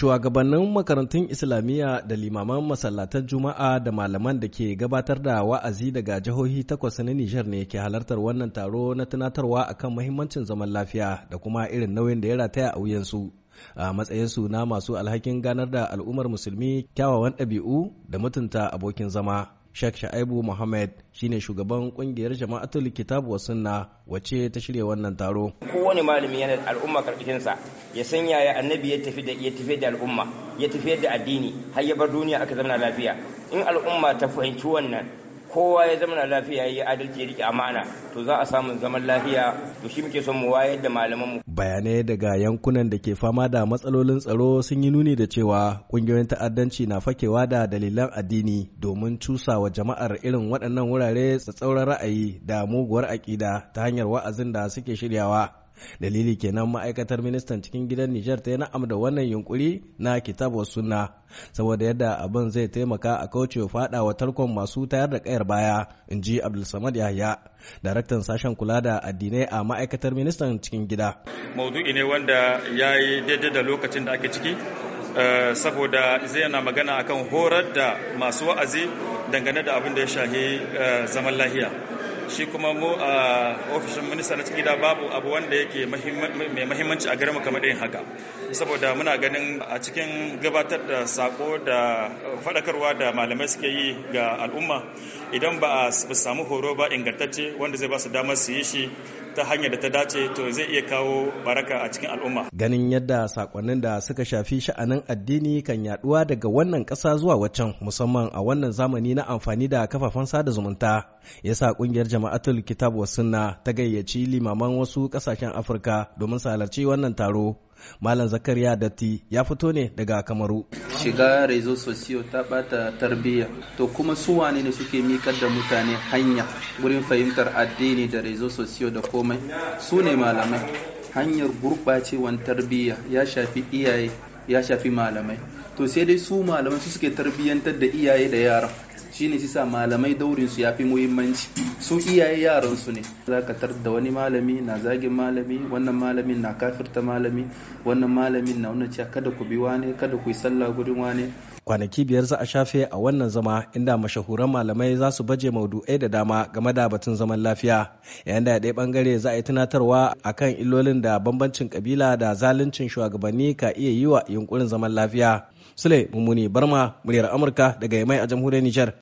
shugabannin makarantun islamiyya da limaman masallatan juma'a da malaman da ke gabatar da wa'azi daga jihohi takwas na nijar ne ke halartar wannan taro na tunatarwa akan mahimmancin zaman lafiya da kuma irin nauyin da ya rataya a wuyansu a matsayinsu na masu alhakin ganar da al'ummar musulmi kyawawan ɗabi'u da mutunta abokin zama Sheikh Sha'ibu Muhammad shine shugaban kungiyar jama'atul Kitab wa sunna wace ta shirya wannan taro. Kowane malami yana da al'umma sa ya san yaya annabi ya tafi da ya tafi da al'umma ya tafi da addini har ya bar duniya aka zama lafiya. In al'umma ta fahimci wannan kowa ya zama lafiya ya yi adalci ya rike amana to za a samu zaman lafiya to shi muke son mu wayar da malamanmu. bayanai daga yankunan da ke fama da matsalolin tsaro sun yi nuni da cewa kungiyoyin ta'addanci na fakewa da dalilan addini domin cusa wa jama'ar irin waɗannan wurare tsatsauran ra'ayi da muguwar aƙida ta hanyar wa'azin da suke shiryawa dalili kenan ma'aikatar ministan cikin gidan nijar ta yi na'am da wannan yunkuri na kitabar sunna saboda yadda abin zai taimaka a kauce fada wa tarkon masu tayar da kayar baya in ji abdulsamad yahya daraktan sashen kula da addinai a ma'aikatar ministan cikin gida maudu'i ne wanda ya yi daidai da lokacin da ake ciki Eh, saboda zai yana magana akan horar da masu wa'azi dangane da abin da ya shahi eh, zaman lahiya shi kuma mu a ofishin minista na cikin gida babu abu wanda yake mai mahimmanci a garinmu kamar irin haka saboda muna ganin a cikin gabatar da sako da faɗakarwa da malamai suke yi ga al'umma idan ba a samu horo ba ingantacce wanda zai ba su damar su yi shi ta hanyar da ta dace to zai iya kawo baraka a cikin al'umma ganin yadda sakonnin da suka shafi sha'anin rikicin addini kan yaduwa daga wannan ƙasa zuwa waccan musamman a wannan zamani na amfani da kafafen sada zumunta yasa kungiyar jama'atul kitab wa sunna ta gayyaci limaman wasu ƙasashen afirka domin su halarci wannan taro malam zakariya datti ya fito ne daga kamaru shiga rezo sosiyo ta bata tarbiyya to kuma su wane ne suke mikar da mutane hanya wurin fahimtar addini da rezo sosiyo da komai su ne malamai hanyar gurɓacewan tarbiyya ya shafi iyaye ya shafi malamai to sai dai su malamai su suke tarbiyyantar da iyaye da yara shine shi sa malamai daurin su yafi muhimmanci su iyaye yaran su ne zaka tar da wani malami na zagin malami wannan malamin na kafirta malami wannan malamin na wannan cewa kada ku bi wane kada ku yi sallah gurin wane kwanaki biyar za a shafe a wannan zama inda mashahuran malamai za su baje maudu'ai da dama game da batun zaman lafiya yayin da ɗaya bangare za a yi tunatarwa a kan illolin da bambancin kabila da zaluncin shugabanni ka iya yi wa yunkurin zaman lafiya sule mummuni barma muryar amurka daga yamai a jamhuriyar nijar